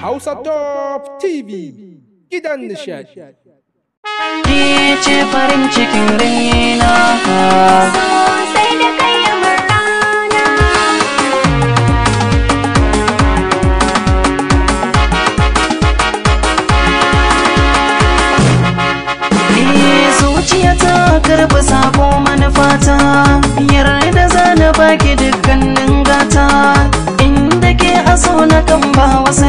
Hausa Top TV gidan nishadi. Ni ce farin cikin raina. Sosai da kai rana. Ni zuciya ta karɓi sako manufata. Yarda za na baki dukkanin gata. Inda ke aso na kan ba wasu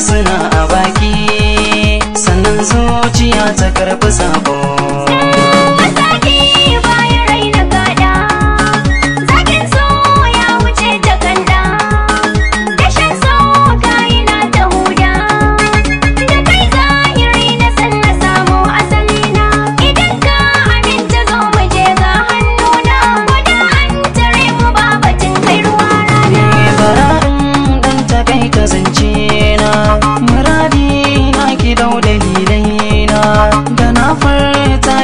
suna a baki sannan zuciya ta karfi sabo